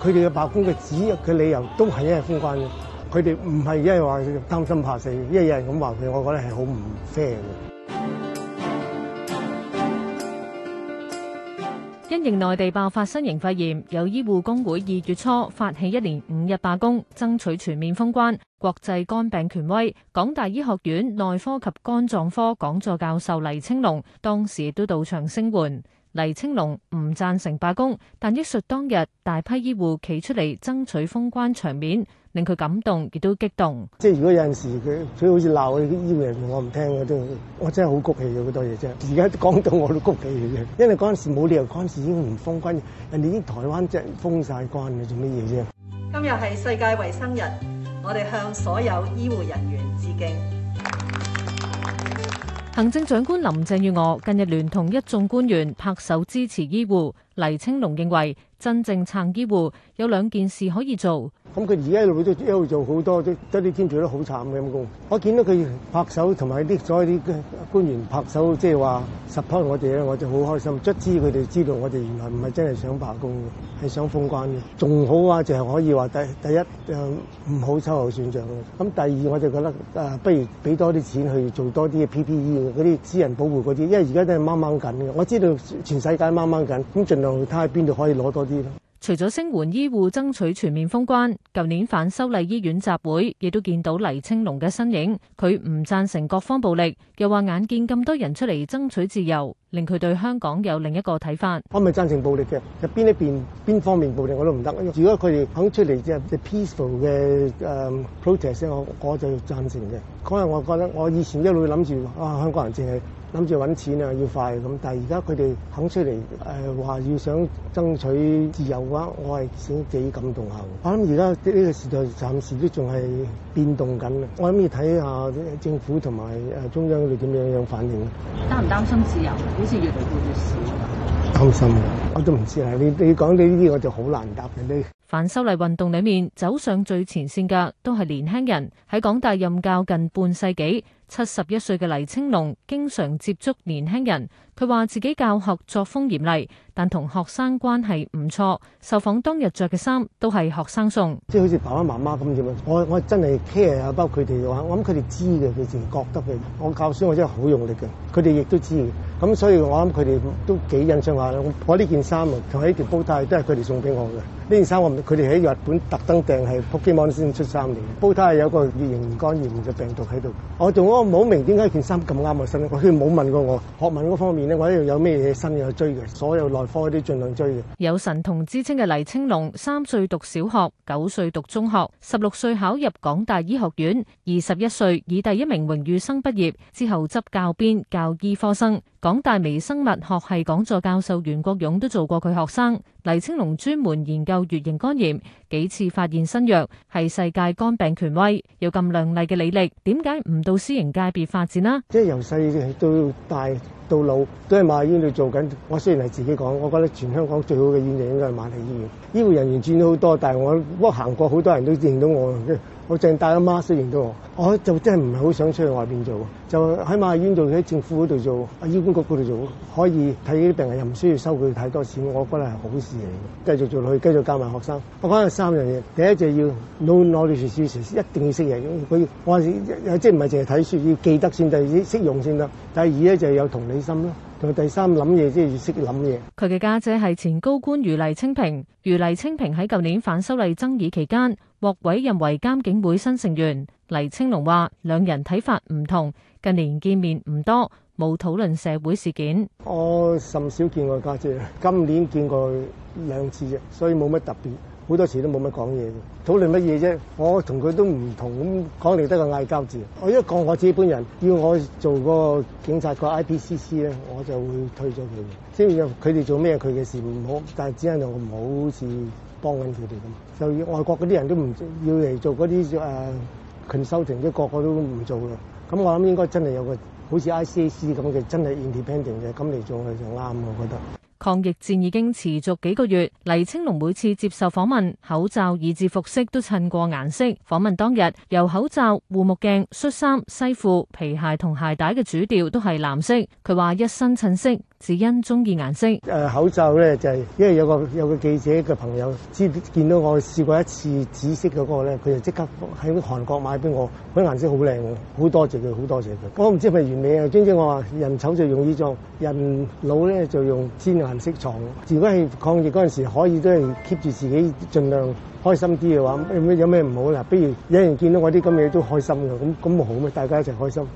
佢哋嘅罷工嘅只嘅理由都係一日封關嘅，佢哋唔係因為話擔心怕死，因為有人咁話佢，我覺得係好唔 fair 嘅。因應內地爆發新型肺炎，有醫護工會二月初發起一年五日罷工，爭取全面封關。國際肝病權威、港大醫學院內科及肝臟科講座教授黎青龍當時都到場聲援。黎青龍唔贊成罷工，但憶述當日大批醫護企出嚟爭取封關場面，令佢感動亦都激動。即係如果有陣時佢佢好似鬧我啲醫護人員我唔聽嗰啲，我真係好谷氣嘅，好多嘢啫。而家講到我都谷氣嘅，因為嗰陣時冇理由嗰陣時已經唔封關，人哋已經台灣即係封晒關你做乜嘢啫？今日係世界衛生日，我哋向所有醫護人員致敬。行政長官林鄭月娥近日聯同一眾官員拍手支持醫護。黎青龍認為真正撐醫護有兩件事可以做。咁佢而家一路都一路做好多，都得啲天主都好慘嘅咁公。我見到佢拍手，同埋啲所有啲官員拍手，即係話 support 我哋咧，我就好開心。卒之佢哋知道我哋原來唔係真係想罷工嘅，係想封關嘅。仲好啊，就係可以話第第一，唔好秋後算賬。咁第二，我就覺得啊，不如俾多啲錢去做多啲嘅 PPE 嗰啲私人保護嗰啲，因為而家都係掹掹緊嘅。我知道全世界掹掹緊，咁儘量去睇下邊度可以攞多啲咯。除咗聲援醫護爭取全面封關，舊年反修例醫院集會亦都見到黎青龍嘅身影。佢唔贊成各方暴力，又話眼見咁多人出嚟爭取自由，令佢對香港有另一個睇法。我唔係贊成暴力嘅，入邊一邊邊方面暴力我都唔得。如果佢哋肯出嚟即係 peaceful 嘅誒 protest，我我就要贊成嘅。嗰日我覺得我以前一路諗住啊，香港人淨係。諗住揾錢啊，要快咁，但係而家佢哋肯出嚟誒話，呃、要想爭取自由嘅話，我係想幾感動下嘅。我諗而家呢個時代暫時都仲係變動緊嘅。我諗要睇下政府同埋誒中央佢哋點樣樣反應。擔唔擔心自由？好似越嚟越，越少。擔心，我都唔知啊！你你講呢啲，我就好難答你。反修例運動裡面走上最前線嘅都係年輕人，喺港大任教近半世紀。七十一歲嘅黎青龍經常接觸年輕人。佢話自己教學作風嚴厲，但同學生關係唔錯。受訪當日着嘅衫都係學生送，即係好似爸爸媽媽咁樣。我我真係 care 下包括佢哋嘅話，我諗佢哋知嘅，佢哋覺得嘅。我教書我真係好用力嘅，佢哋亦都知咁，所以我諗佢哋都幾欣賞下我。呢件衫啊同喺條煲呔都係佢哋送俾我嘅。呢件衫我佢哋喺日本特登訂係 t o k y o 先出衫嚟。煲呔有個乙型肝炎嘅病毒喺度。我仲我唔好明點解件衫咁啱我身，佢冇問過我學問嗰方面。我呢度有咩嘢新嘅去追嘅，所有內科都啲盡量追嘅。有神童之稱嘅黎青龍，三歲讀小學，九歲讀中學，十六歲考入港大醫學院，二十一歲以第一名榮譽生畢業，之後執教鞭教醫科生。港大微生物學系講座教授袁國勇都做過佢學生。黎青龍專門研究乙型肝炎，幾次發現新藥，係世界肝病權威。有咁亮麗嘅履歷，點解唔到私營界別發展呢？即係由細到大到老，都係瑪麗醫院度做緊。我雖然係自己講，我覺得全香港最好嘅醫院應該係瑪麗醫院。醫護人員轉咗好多，但係我我行過，好多人都認到我。我淨係帶阿媽先認到我，我就真係唔係好想出去外邊做，就喺瑪麗醫院做，喺政府嗰度做，啊醫管局嗰度做，可以睇啲病人又唔需要收佢太多錢，我覺得係好事嚟。繼續做落去，繼續教埋學生。我講緊三樣嘢，第一就要 know knowledge is 知識，一定要識嘢。佢我係即係唔係淨係睇書要記得先，第二啲識用先得。第二咧就係、是、有同理心咯。佢第三諗嘢即係識諗嘢。佢嘅家姐係前高官余黎青萍，余黎青萍喺舊年反修例爭議期間獲委任為監警會新成員。黎青龍話兩人睇法唔同，近年見面唔多，冇討論社會事件。我甚少見我家姐,姐，今年見過兩次，所以冇乜特別。好多時都冇乜講嘢嘅，討論乜嘢啫？我同佢都唔同咁講嚟，講得個嗌交字。我一講我自己本人要我做個警察個 I P C C 咧，CC, 我就會推咗佢。即係佢哋做咩佢嘅事，唔好，但係只係我唔好事幫緊佢哋咁。就以外國嗰啲人都唔要嚟做嗰啲誒，consulting 個個都唔做啦。咁我諗應該真係有個好似 I C A C 咁嘅，真係 independent 嘅，咁嚟做佢就啱我覺得。抗疫戰已經持續幾個月，黎青龍每次接受訪問，口罩以至服飾都襯過顏色。訪問當日，由口罩、護目鏡、恤衫、西褲、皮鞋同鞋帶嘅主調都係藍色。佢話一身襯色。只因中意顏色，誒，口罩咧就係、是、因為有個有個記者嘅朋友知見到我試過一次紫色嗰、那個咧，佢就即刻喺韓國買俾我，嗰啲顏色好靚，好多謝佢，好多謝佢。我唔知係咪原理，啊，總之我話人醜就用衣裝，人老咧就用鮮顏色裝。如果係抗疫嗰陣時，可以都係 keep 住自己盡量開心啲嘅話，有咩有咩唔好啦？不如有人見到我啲咁嘅都開心嘅，咁咁咪好咩？大家一齊開心。